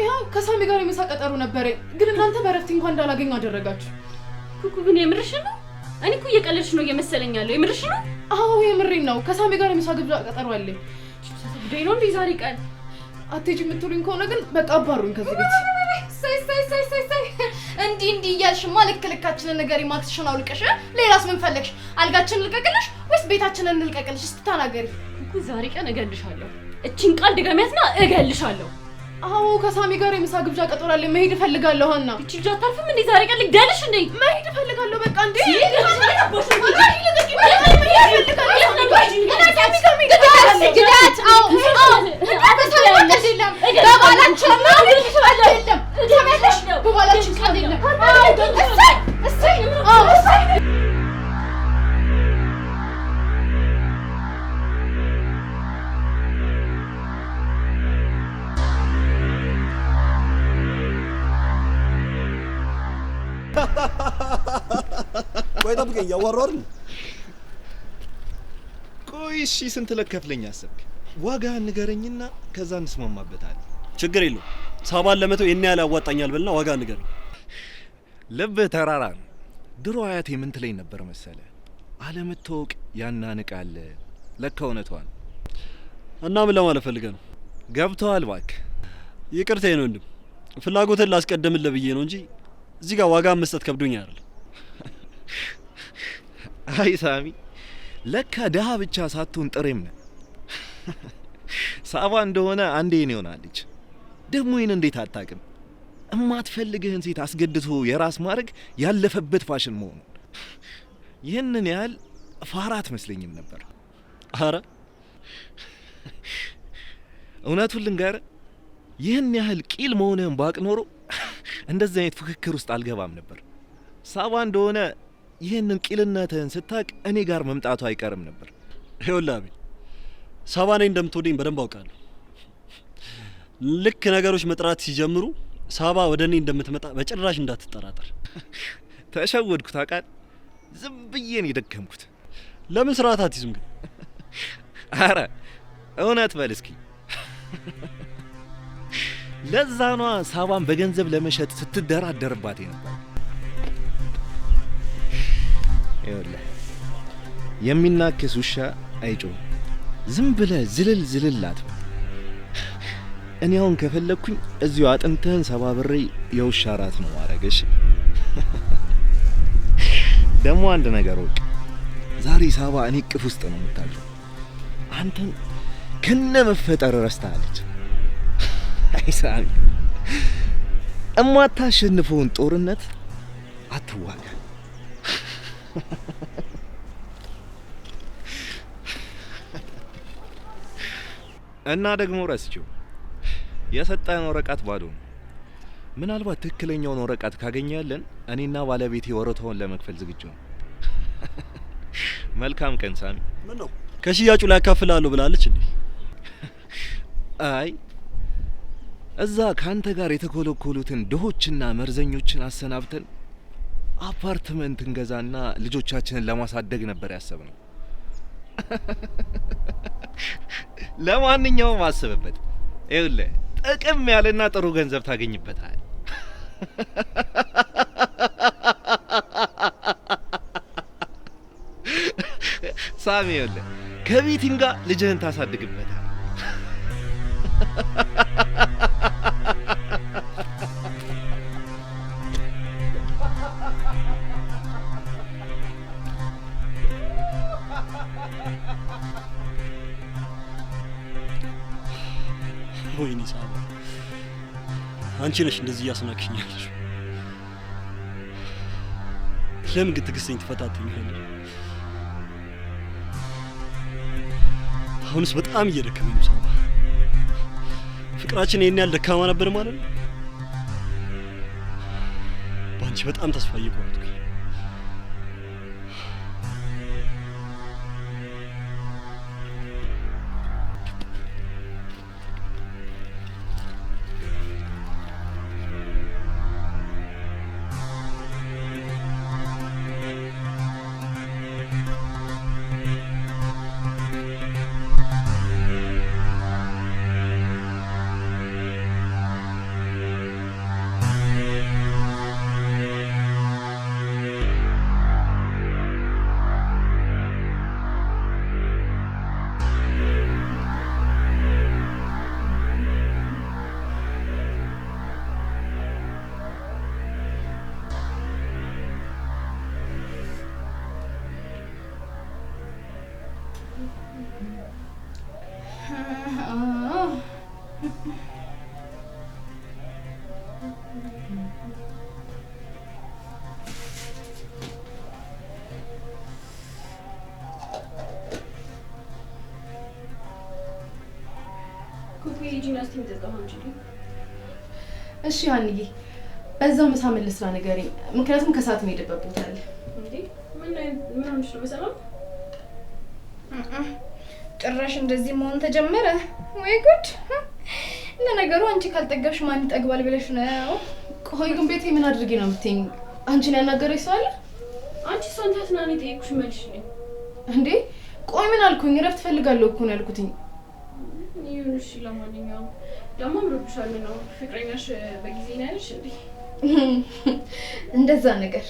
ይኸው ከሳሚ ጋር የምሳ ቀጠሮ ነበረኝ፣ ግን እናንተ በረፍት እንኳን እንዳላገኝ አደረጋችሁ። ኩኩ ግን የምርሽ ነው? እኔ እኮ እየቀለድሽ ነው እየመሰለኝ ያለው። የምርሽ ነው? አዎ የምሬን ነው። ከሳሚ ጋር የምሳ ግብዣ ቀጠሮ አለኝ። ነው እንዴ ዛሬ ቀን አትሄጂ የምትሉኝ ከሆነ ግን በቃ አባሩኝ ከዚህ ቤት። እንዲህ እንዲህ እያልሽማ ልክ ልካችንን ነገር ማክስሽን አውልቀሽ፣ ሌላስ ምን ፈለግሽ? አልጋችን ልቀቅልሽ ወይስ ቤታችንን እንልቀቅልሽ? ስትተናገሪ ኩኩ ዛሬ ቀን እገልሻለሁ። እቺን ቃል ድገሚያትና እገልሻለሁ። አዎ ከሳሚ ጋር የምሳ ግብዣ ቀጥራለሁ። መሄድ እፈልጋለሁ። ሀና እቺ ልጅ አታልፍም እንዴ? ዛሬ ቀን ልግደልሽ እንዴ? መሄድ እፈልጋለሁ። በቃ እንዴ ግዳት አዎ አዎ በባላችሁ ነው ያዋራው አይደል? ቆይ እሺ፣ ስንት ለከፍለኝ አሰብክ? ዋጋ ንገረኝና ከዛ እንስማማበታለን። ችግር የለውም። ሳባን ለመቶ ይህን ያህል ያዋጣኛል ብልና ዋጋ ንገረኝ። ልብህ ተራራ ነው። ድሮ አያቴ ምን ትለኝ ነበር መሰለ? አለመታወቅ ያናንቃል። ለካ እውነቷን። እና ምን ለማለት ፈልገ ነው? ገብቶሃል? እባክህ ይቅርታዬን ወንድም፣ ፍላጎትን ላስቀድምልህ ብዬ ነው እንጂ እዚህ ጋር ዋጋ መስጠት ከብዶኝ አይደል። አይ ሳሚ፣ ለካ ድሃ ብቻ ሳትሆን ጥሬም ነ ሳባ እንደሆነ አንዴ የኔ ሆናለች። ደግሞ ይህን እንዴት አታውቅም? እማትፈልግህን ሴት አስገድቶ የራስ ማድረግ ያለፈበት ፋሽን መሆኑን። ይህንን ያህል ፋራ አትመስለኝም ነበር። አረ እውነቱን ልንገርህ፣ ይህን ያህል ቂል መሆንህን ባቅ ኖሮ እንደዚህ አይነት ፍክክር ውስጥ አልገባም ነበር። ሳባ እንደሆነ ይህንን ቂልነትህን ስታቅ እኔ ጋር መምጣቱ አይቀርም ነበር። ይኸውልህ አቤል፣ ሳባ እንደምትወደኝ በደንብ አውቃለሁ። ልክ ነገሮች መጥራት ሲጀምሩ ሳባ ወደ እኔ እንደምትመጣ በጭራሽ እንዳትጠራጠር። ተሸወድኩ አቃል ዝም ብዬ ነው ለምን ስርዓት አትይዝም ግን? አረ እውነት በል እስኪ። ሳባን በገንዘብ ለመሸጥ ስትደራደርባት ነበር። ይኸውልህ የሚናከስ ውሻ አይጮም። ዝም ብለህ ዝልል ዝልል አትበል። እኔ አሁን ከፈለግኩኝ እዚሁ አጥንትህን ሰባብሬ የውሻ ራት ነው ማረገሽ። ደግሞ አንድ ነገር ወቅ ዛሬ ሳባ እኔ ቅፍ ውስጥ ነው የምታለው። አንተን ከነ መፈጠር ረስታለች። አይሳሚ እማታሸንፈውን ጦርነት አትዋጋ። እና ደግሞ ረስችው የሰጠን ወረቀት ባዶ ነው። ምናልባት ትክክለኛውን ወረቀት ካገኘለን እኔና ባለቤቴ ወረታውን ለመክፈል ዝግጁ ነው። መልካም ቀን ሳሚ። ምን ነው ከሽያጩ ላይ ያካፍላሉ ብላለች እንዴ? አይ እዛ ካንተ ጋር የተኮለኮሉትን ድሆችና መርዘኞችን አሰናብተን አፓርትመንት እንገዛና ልጆቻችንን ለማሳደግ ነበር ያሰብነው። ለማንኛውም አስብበት። ይኸውልህ ጥቅም ያለና ጥሩ ገንዘብ ታገኝበታል። ሳሚ ይኸውልህ ከቤቲም ጋር ልጅህን ታሳድግበታል። አንቺ ነሽ እንደዚህ እያስናክሽኛለሽ። ለምን ግን ትዕግስተኝ ትፈታትኝ ይሆን? አሁንስ በጣም እየደከመኝ ነው። ሳባ ፍቅራችን ይሄን ያህል ደካማ ነበር ማለት ነው። በአንቺ በጣም ተስፋ እየቆረጥኩኝ ሂጂና እስኪ የምትጠጣው አንቺ እሺ አንዬ በዛው ምሳ ምን ልስራ ንገሪኝ። ምክንያቱም ከሰዓት የምሄድበት ቦታ አለ። ጭራሽ እንደዚህ መሆን ተጀመረ ወይ ጉድ! እና ነገሩ አንቺ ካልጠገብሽ ማን ይጠግባል ብለሽ ነው። ቆይ ግን ቤቴ ምን አድርጌ ነው የምትይኝ? አንቺን ያናገረች ሰው አለ? አንቺ ሰው እንታትና እኔ ጠየቅኩሽ መልሽ እንዴ? ቆይ ምን አልኩኝ? እረፍት እፈልጋለሁ እኮ ነው ያልኩትኝ ይሁን። እሺ፣ ለማንኛውም ደግሞ አምሮብሻል። ነው ፍቅረኛሽ በጊዜ ነው ያለሽ እንዴ? እንደዛ ነገር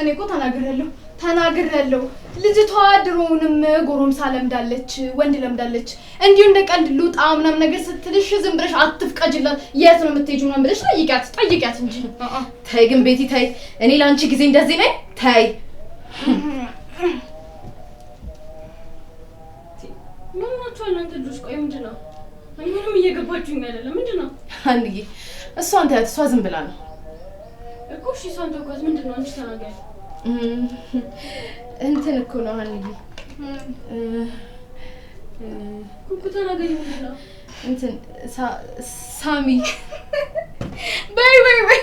እኔ እኮ ተናግሬያለሁ ተናግሬያለሁ። ልጅቷ ድሮውንም ጎረምሳ ለምዳለች፣ ወንድ ለምዳለች። እንዲሁ እንደ ቀልድ ልውጣ ምናምን ነገር ስትልሽ ዝም ብለሽ አትፍቀጅላት። የት ነው የምትሄጂው ምናምን ብለሽ ጠይቂያት ጠይቂያት እንጂ። ተይ ግን ቤቲ ተይ፣ እኔ ለአንቺ ጊዜ እንደዚህ ነኝ። ተይ ገብቷችኋል እናንተ ልጆች? ቆይ ምንድን ነው ምንም እየገባችሁኝ አይደለም። ምንድን ነው አንድ እሷ አንተ ያት እሷ ዝም ብላ ነው እኮ። እሺ እሷን ምንድን ነው አንቺ እንትን እኮ ነው እኮ ምንድን ነው እንትን ሳሚ በይ በይ በይ፣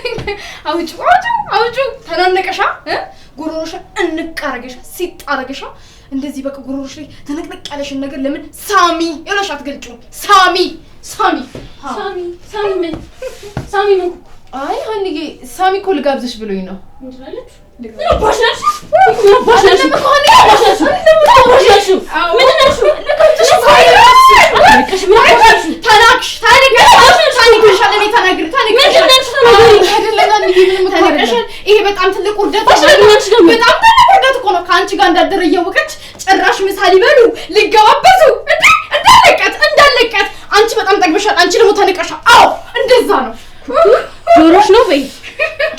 ተናነቀሻ፣ ጉሮሮሻ እንቃረገሻ፣ ሲጣረገሻ እንደዚህ በቅጉሮሮች ላይ ተነቅነቅ ያለሽን ነገር ለምን ሳሚ ይለሽ አትገልጩ? ሳሚ ሳሚ ሳሚ ሳሚ ምን ሳሚ ምን? አይ ሀኒዬ፣ ሳሚ እኮ ልጋብዝሽ ብሎኝ ነው። ይሄ በጣም ትልቅ ውርደት በጣም አድርጋት እኮ ነው ከአንቺ ጋር እንዳደረ እያወቀች ጭራሽ ምሳ ሊበሉ ሊገባበዙ እንዴ! እንዳለቀት እንዳለቀት። አንቺ በጣም ጠግበሻል፣ አንቺ ደግሞ ተንቀሻል። አዎ እንደዛ ነው። ጆሮሽ ነው በይ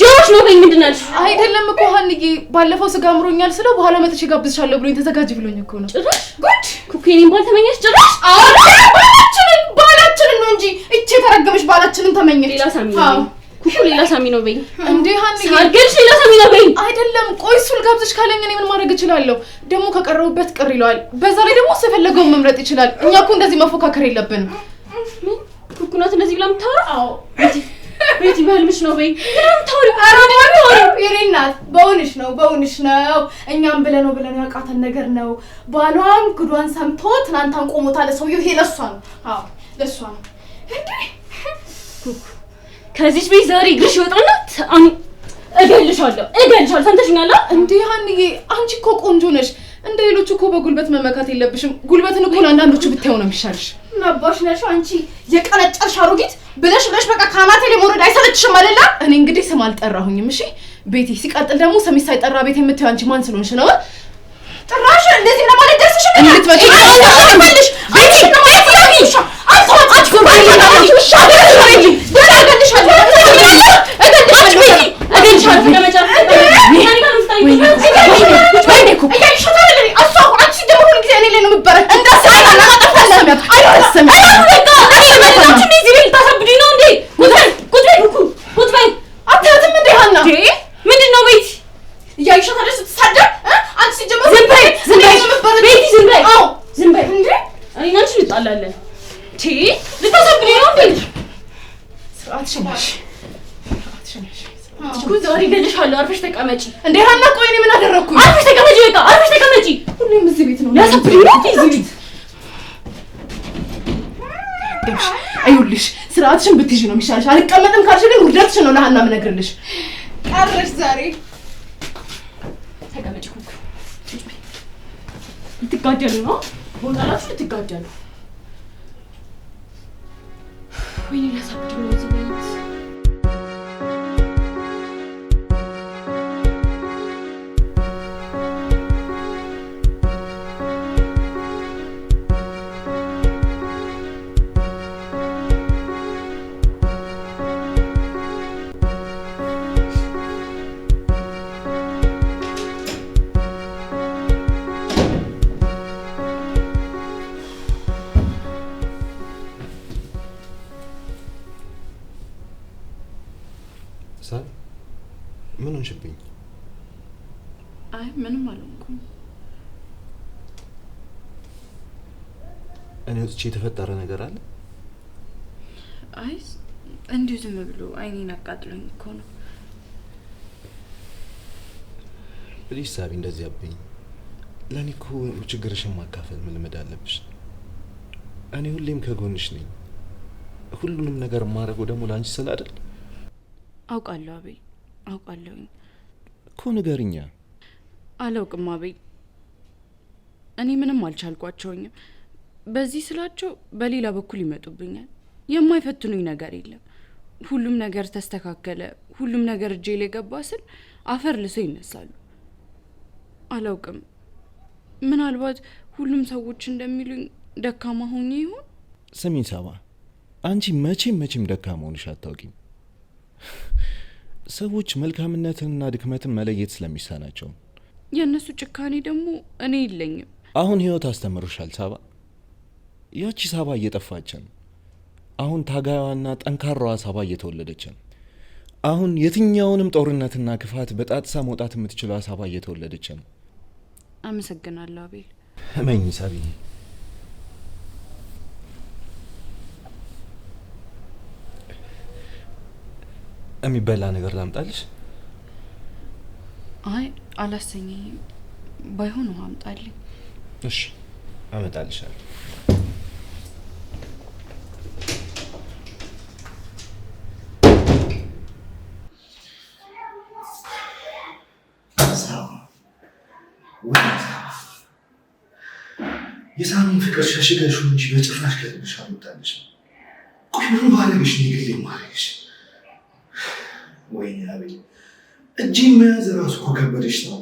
ጆሮሽ ነው በይ። ምንድን አልሽ? አይደለም እኮ ሀንዬ፣ ባለፈው ስጋ አምሮኛል ስለው በኋላ መጥቼ ጋብዝሻለሁ ብሎኝ ተዘጋጅ ብሎኝ እኮ ነው። ጭራሽ ጉድ እኮ የእኔን ባል ተመኘሽ? ጭራሽ ባላችንን ባላችንን ነው እንጂ እቺ የተረገመች ባላችንን ተመኘች። ሌላ ሳሚ ያልኩሽ ሌላ ሳሚ ነው በይኝ። እንዴ ሀኒ ሳርገልሽ ሌላ ሳሚ ነው በይኝ። አይደለም ቆይ እሱን ጋብዘሽ ካለኝ እኔ ምን ማድረግ እችላለሁ? ደግሞ ከቀረቡበት ቅር ይለዋል። በዛ ላይ ደግሞ ስለፈለገውን መምረጥ ይችላል። እኛ እኮ እንደዚህ መፎካከር የለብንም። ምን ኩኩናት እንደዚህ ብላ የምታወራ? አዎ ቤቲ በህልምሽ ነው በይኝ። ናት በውንሽ ነው በውንሽ ነው። እኛም ብለነው ብለነው ያውቃተን ነገር ነው። ባሏን ጉዷን ሰምቶ ትናንት አንቆሞታል ሰውዬው። ይሄ ለእሷ ነው። አዎ ለእሷ ነው እንዴ ከዚች ቤት ዛሬ እግርሽ ይወጣና እገልሻለሁ፣ እገልሻለሁ። ሰምተሽኛል እንዴ ሀኒዬ? አንቺ እኮ ቆንጆ ነሽ። እንደ ሌሎቹ እኮ በጉልበት መመካት የለብሽም። ጉልበትን እኮ ለአንዳንዶቹ ብታዩ ነው የሚሻልሽ። ነባሽ ነሽ አንቺ የቀነጨርሽ አሮጊት ብለሽ ብለሽ በቃ ካናቴ ላይ አይሰለችሽም አይደለ? እኔ እንግዲህ ስም አልጠራሁኝም። እሺ ቤቴ ሲቀጥል ደግሞ ስሜ ሳይጠራ ቤቴ የምታዩ አንቺ ማን ስለሆንሽ ነው? ጭራሽ እንደዚህ ለማለት ደርስሽ ነው ስርዓትሽን ብትይዥ ነው የሚሻልሽ። አልቀመጥም ካልሽ ግን ውርደትሽን ነው ለሀና የምነግርልሽ። ቀረሽ ዛሬ ተቀመጭ። ኩኩ ልትጋደሉ ነው ቦታላችሁ፣ ልትጋደሉ ወይኔ ላሳብድ አይ ምንም አልሆንኩም። እኔ ወጥቼ የተፈጠረ ነገር አለ? አይ እንዲሁ ዝም ብሎ አይኔን አቃጥሎኝ እኮ ነው። ፕሊዝ ሳቢ፣ እንደዚህ አብኝ። ለእኔ እኮ ችግርሽን ማካፈል መልመድ አለብሽ። እኔ ሁሌም ከጎንሽ ነኝ። ሁሉንም ነገር የማደርገው ደግሞ ለአንቺ ስል አይደል? አውቃለሁ አቤ፣ አውቃለሁኝ እኮ ንገርኛ አላውቅም አቤል፣ እኔ ምንም አልቻልኳቸውኝም። በዚህ ስላቸው በሌላ በኩል ይመጡብኛል። የማይፈትኑኝ ነገር የለም። ሁሉም ነገር ተስተካከለ፣ ሁሉም ነገር እጄ ላይ ገባ ስል አፈር ልሰው ይነሳሉ። አላውቅም፣ ምናልባት ሁሉም ሰዎች እንደሚሉኝ ደካማ ሆኜ ይሆን? ስሚ ሳባ፣ አንቺ መቼም መቼም ደካማ ሆንሽ አታውቂም። ሰዎች መልካምነትንና ድክመትን መለየት ስለሚሳናቸው የእነሱ ጭካኔ ደግሞ እኔ የለኝም። አሁን ህይወት አስተምሮሻል ሳባ። ያቺ ሳባ እየጠፋች ነው። አሁን ታጋዋና ጠንካራዋ ሳባ እየተወለደች ነው። አሁን የትኛውንም ጦርነትና ክፋት በጣጥሳ መውጣት የምትችለው ሳባ እየተወለደች ነው። አመሰግናለሁ አቤል። እመኝ ሳቢ የሚበላ ነገር ላምጣልሽ? አይ አላሰኘኝም። ባይሆን ውሃ አምጣልኝ። እሺ አመጣልሻለሁ። የሳሚን ፍቅር ሸሽገሹ እንጂ በጭራሽ ከልብሽ አልወጣለሽ። ቆይ ምን ባለሽ ነው? ግሌ ማለሽ ወይኔ አቤል እጅ መያዝ ራሱ እኮ ከበደች ነው።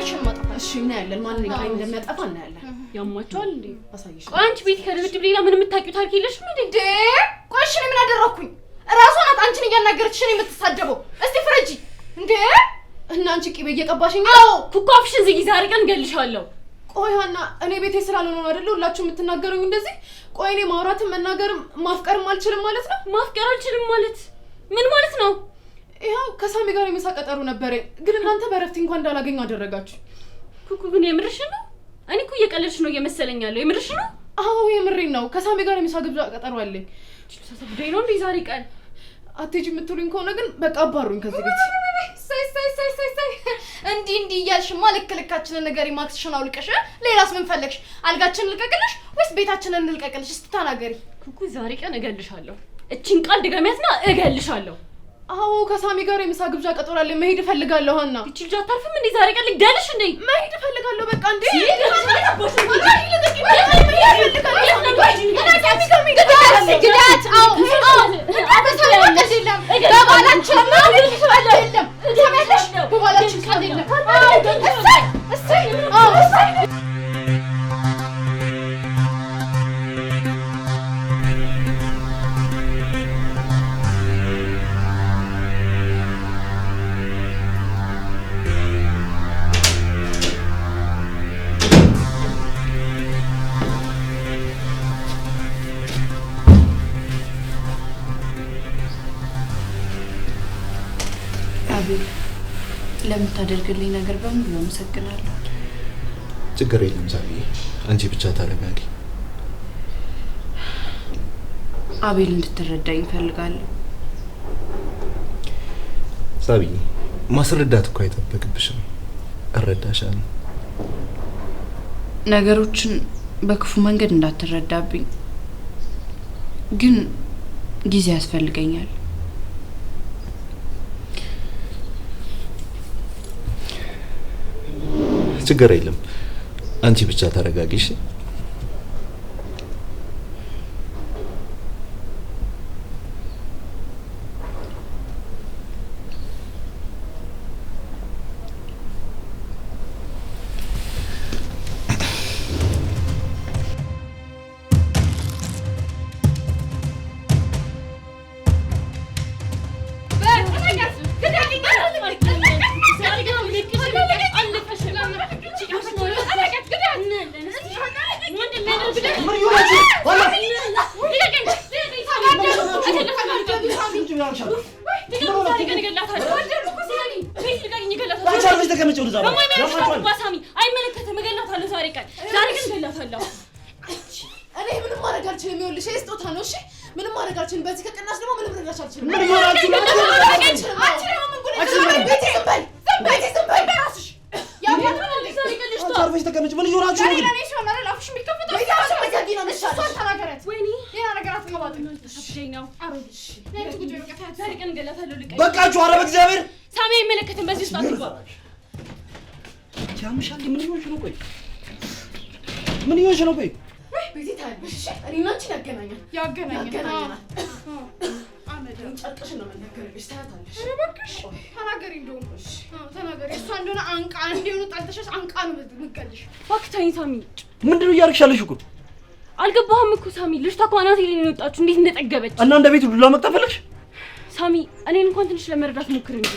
አይችም ማጠፋ እሺ፣ እናያለን። ማን እንደሚያጠፋ እናያለን። እንዴ? አሳይሽ። ቆይ አንቺ ቤት ከድብድብ ሌላ ምን የምታውቂው ታሪክ የለሽም እንዴ? ቆይ እሺ፣ ምን አደረኩኝ? ራሷ ናት አንቺን እያናገረችሽ ነው የምትሳደበው። እስቲ ፍረጂ እንዴ። እና አንቺ ቂቤ እየቀባሽኝ። አዎ ኩኳፍሽን ዝጊ፣ ዛሬ ቀን ገልሻለሁ። ቆይ ሀና፣ እኔ ቤቴ ስላልሆነ ሁላችሁ የምትናገሩኝ እንደዚህ? ቆይ እኔ ማውራትም መናገርም ማፍቀርም አልችልም ማለት ነው? ማፍቀር አልችልም ማለት ምን ማለት ነው? ይኸው ከሳሚ ጋር የምሳ ቀጠሮ ነበረኝ፣ ግን እናንተ በረፍት እንኳን እንዳላገኝ አደረጋችሁ። ኩኩ ግን የምርሽ ነው? እኔ እኮ እየቀለድሽ ነው እየመሰለኝ ያለው። የምርሽ ነው? አዎ የምሬን ነው። ከሳሚ ጋር የምሳ ግብዣ ቀጠሮ አለኝ። ደይ ነው እንዴ ዛሬ ቀን አትሄጂ የምትሉኝ ከሆነ ግን በቃ አባሩኝ ከዚህ ቤት። እንዲህ እንዲህ እያልሽማ ልክ ልካችንን ንገሪ። ማክስሽን አውልቀሽ ሌላስ ምን ፈለግሽ? አልጋችን እንልቀቅልሽ ወይስ ቤታችንን እንልቀቅልሽ? ስትተናገሪ ኩኩ ዛሬ ቀን እገልሻለሁ። እቺን ቃል ድገሚያትና እገልሻለሁ። አዎ ከሳሚ ጋር የምሳ ግብዣ ቀጠሯል። መሄድ እፈልጋለሁ። ሀና እቺ ልጅ አታርፍም እንዴ? ዛሬ ቀን ልግደልሽ እንዴ? መሄድ እፈልጋለሁ። በቃ እንዴ ግዳት ችግር የለም ሳሚ፣ አንቺ ብቻ ታረጋጊ። አቤል እንድትረዳኝ እፈልጋለሁ። ሳቢ፣ ማስረዳት እኮ አይጠበቅብሽም። እረዳሻለሁ። ነገሮችን በክፉ መንገድ እንዳትረዳብኝ ግን ጊዜ ያስፈልገኛል። ችግር የለም። አንቺ ብቻ ተረጋጊሽ ያላችሁን እዛ ነው ያላችሁን ባሳሚ አይመለከትም። እገላታለሁ ዛሬ ቀን ዛሬ ግን እገላታለሁ። እኔ ምንም ማድረግ አልችልም። ይኸውልሽ ነው። እሺ ምንም ማድረግ አልችልም። በዚህ ያምሻል። ምን ይሆንሽ ነው? ቆይ ምን ይሆንሽ ነው? ቆይ ቤቲ ነው የምናገርልሽ። ታያታለሽ። ነው ሳሚ። ምንድን ነው እያደረግሻለሽ እኮ አልገባህም እኮ ሳሚ። ልጅቷ እኮ አናቴ ላይ ነው የወጣችሁ። እንዴት እንደጠገበች እና እንደ ቤት ዱላ ፈለግሽ ሳሚ። እኔን እንኳን ትንሽ ለመረዳት ሞክር እንጂ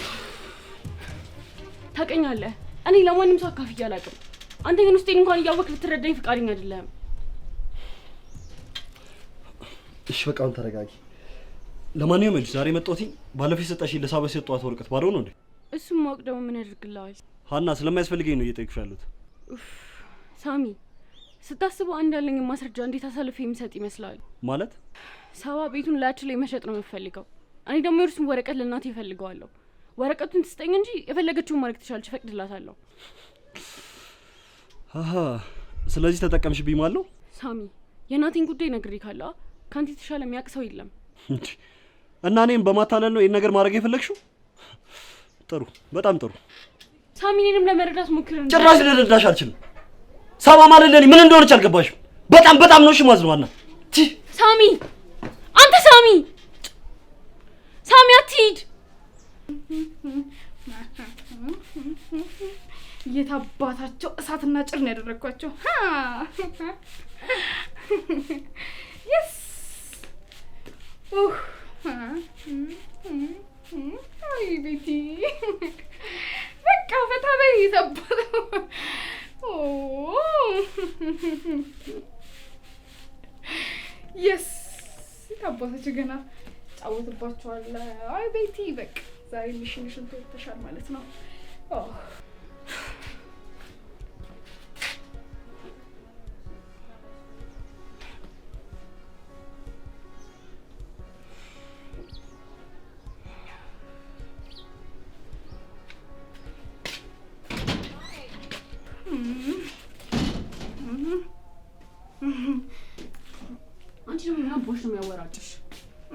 ታውቀኛለህ እኔ ለማንም ሰው አካፍዬ አላውቅም። አንተ ግን ውስጤን እንኳን እያወቅህ ልትረዳኝ ፍቃደኛ አይደለም። እሺ በቃ አሁን ተረጋጊ። ለማንኛውም እጅ ዛሬ መጣሁት። ባለፈው የሰጠሽኝ ለሳባ የሰጠኋት ወረቀት ባዶ ነው እንዴ? እሱም ማወቅ ደግሞ ምን ያደርግልሃል? ሀና ስለማያስፈልገኝ ነው እየጠየቅሽ ያሉት። ሳሚ ስታስበው አንድ ያለኝ ማስረጃ እንዴት አሳልፌ የሚሰጥ ይመስላል? ማለት ሳባ ቤቱን ላያችን ላይ መሸጥ ነው የምፈልገው። እኔ ደግሞ የእርሱን ወረቀት ለእናቴ እፈልገዋለሁ። ወረቀቱን ትስጠኝ እንጂ የፈለገችውን ማድረግ ትችላለች፣ እፈቅድላታለሁ። ስለዚህ ተጠቀምሽ ብኝ ነው ሳሚ? የእናቴን ጉዳይ ነግሬ ካለ ከአንተ የተሻለ የሚያውቅ ሰው የለም። እና እኔም በማታለል ነው ይህን ነገር ማድረግ የፈለግሽው? ጥሩ፣ በጣም ጥሩ ሳሚ። እኔንም ለመረዳት ሞክር። ጭራሽ ልረዳሽ አልችልም። ሳባ ማለት ምን እንደሆነች አልገባሽም። በጣም በጣም ነው ሽማዝ ነው ሳሚ፣ አንተ ሳሚ፣ ሳሚ አትሂድ የታባታቸው እሳትና ጭር ነው ያደረግኳቸው። የስ ቤቲ በቃ ፈታ በይ የታባተው የስ የታባታቸው ገና ጫወትባቸዋለሁ። አይ ቤቲ በቃ ዛሬ ሚሽንሽን ተወጥተሻል ማለት ነው። አንቺ ደግሞ ምን አቦሽ ነው የሚያወራጭሽ?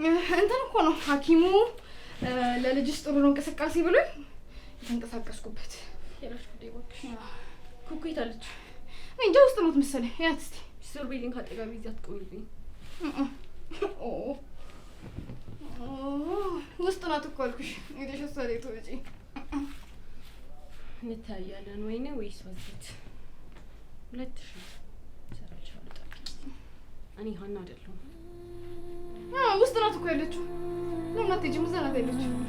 እንትን እኮ ነው ሐኪሙ ለልጅሽ ጥሩ ነው እንቅስቃሴ ብሎ የተንቀሳቀስኩበት የራሽ ጉዳይ እባክሽ። ኩኩ የት አለች? እንጃ ውስጥ ነው መሰለኝ። ያት እስኪ ስር ቤሊን ካጠገቤ ይዛት ቆይልኝ። ውስጥ ናት እኮ አልኩሽ። የተሸሰለ ተወጪ እንታያለን። ወይኔ ወይስ ወዘት ሁለት ሺ እሰራልሻለሁ። ጠብቂኝ። እኔ ሀና አይደለሁም። ውስጥ ናት እኮ ያለችው ለምን አትሄጂም? እዛ ናት ያለችው።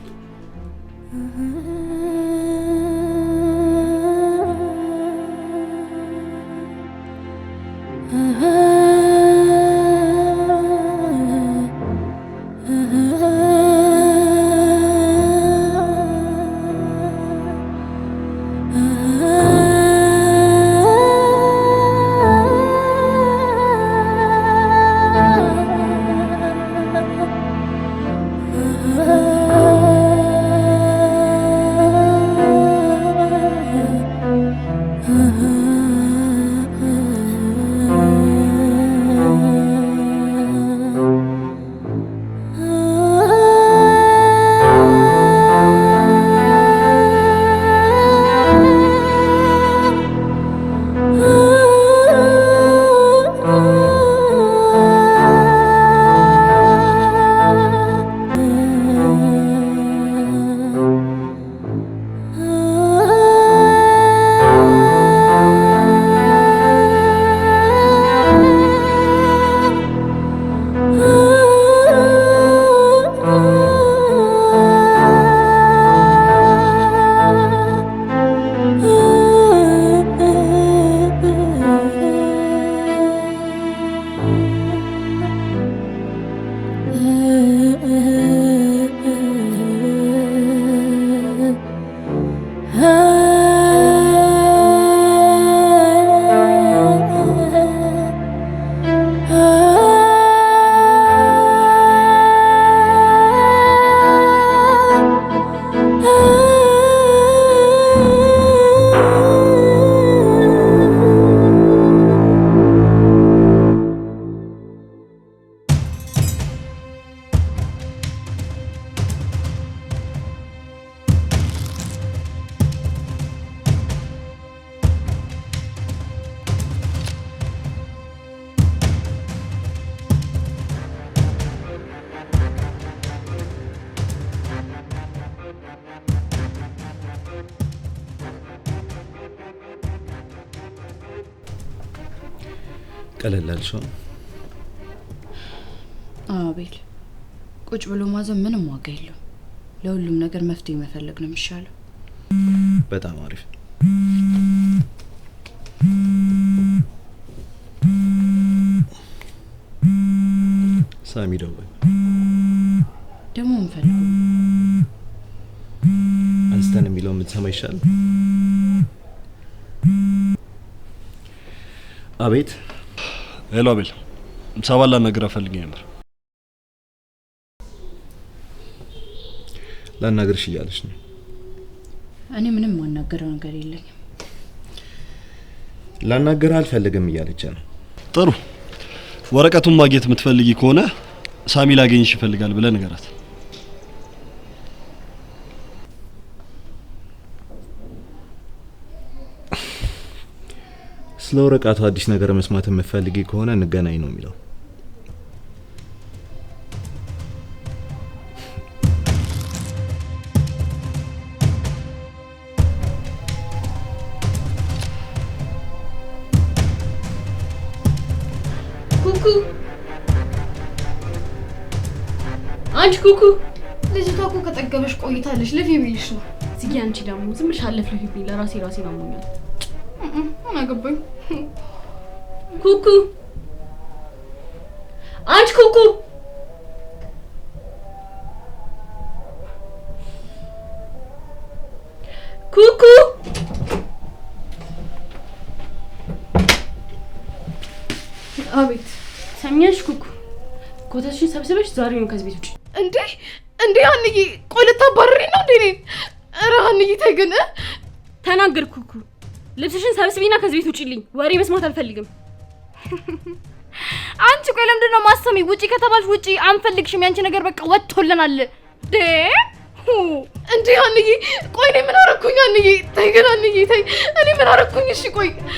ቀለል አልሽው? አቤል ቁጭ ብሎ ማዘን ምንም ዋጋ የለው። ለሁሉም ነገር መፍትሄ መፈለግ ነው የሚሻለው። በጣም አሪፍ። ሳሚ ደወል። ደግሞ እንፈልገው አንስተን የሚለው የምትሰማ ይሻል። አቤት ሄሎ አቤል፣ ሰባላ ነገር አፈልግ ነበር። ላናግርሽ እያለች ነው። እኔ ምንም ማናገረው ነገር የለኝም። ላናገር አልፈልግም እያለች ነው። ጥሩ፣ ወረቀቱን ማግኘት የምትፈልጊ ከሆነ ሳሚ ላገኝሽ ይፈልጋል ብለህ ንገራት። ስለ ወረቀቱ አዲስ ነገር መስማት የምትፈልጊ ከሆነ እንገናኝ ነው የሚለው። አንቺ ኩኩ ልጅቷ እኮ ከጠገበሽ ቆይታለች። ልፊ ብዬሽ ነው። እስኪ አንቺ ደግሞ ዝምሽ አለፍ ልፊ ብዬ ለራሴ ራሴ ነው ምን አገባኝ? ኩኩ አንቺ ኩኩ ኩኩ አቤት። ሰሚያሽ ኩኩ ኮታሽን ሰብስበሽ ዛሬ ነው ከዚህ ቤት ውጪ። እንዴ እንዴ! አንዬ ቆይ ልታባርሪ ነው እንዴ? ኧረ አንዬ ተይ ግን ተናገርኩ ኩኩ ልብስሽን ሰብስቢና ከዚህ ቤት ውጪልኝ። ወሬ መስማት አልፈልግም። አንቺ ቆይ ለምንድን ነው ማሰሚ? ውጪ ከተባልሽ ውጪ። አንፈልግሽም። ያንቺ ነገር በቃ ወጥቶልናል። እንዲህ እንዴ አንዬ፣ ቆይ እኔ ምን አደረኩኝ? አንዬ ተይ ግን አንዬ ተይ። እኔ ምን አደረኩኝ? እሺ ቆይ